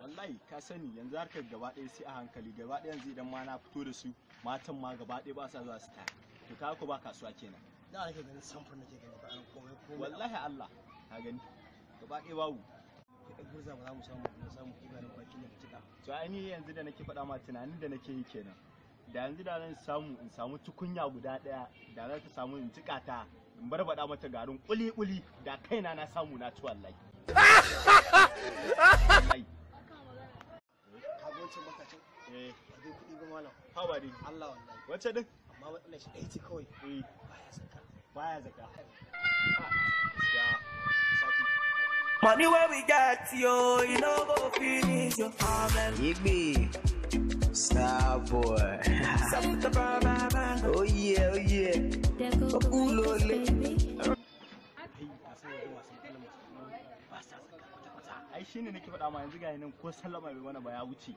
wallahi ka sani yanzu harkar gaba ɗaya sai a hankali gaba ɗaya yanzu idan ma na fito da su matan ma gaba ɗaya ba sa zuwa su ta to ka ku ba kasuwa kenan da ake ganin samfur nake gani ba an komai komai wallahi Allah ka gani gaba ɗaya babu ki gurza ba za mu samu mu samu kiba nan baki ne cika to ai ni yanzu da nake faɗa ma tunanin da nake yi kenan da yanzu da zan samu in samu tukunya guda ɗaya da za ta samu in cika ta in bar mata garin kuli-kuli da kaina na samu na ci wallahi malam hawa ne Allah wallahi wacce amma matsalar shi ce kawai eh. baya zaka baya zaka ah, Money where we get yo, you know go finish your problem. Igby, star boy. oh yeah, oh yeah. Ai shine nake faɗa ma yanzu ga nan ko sallama bai mana ba ya wuce.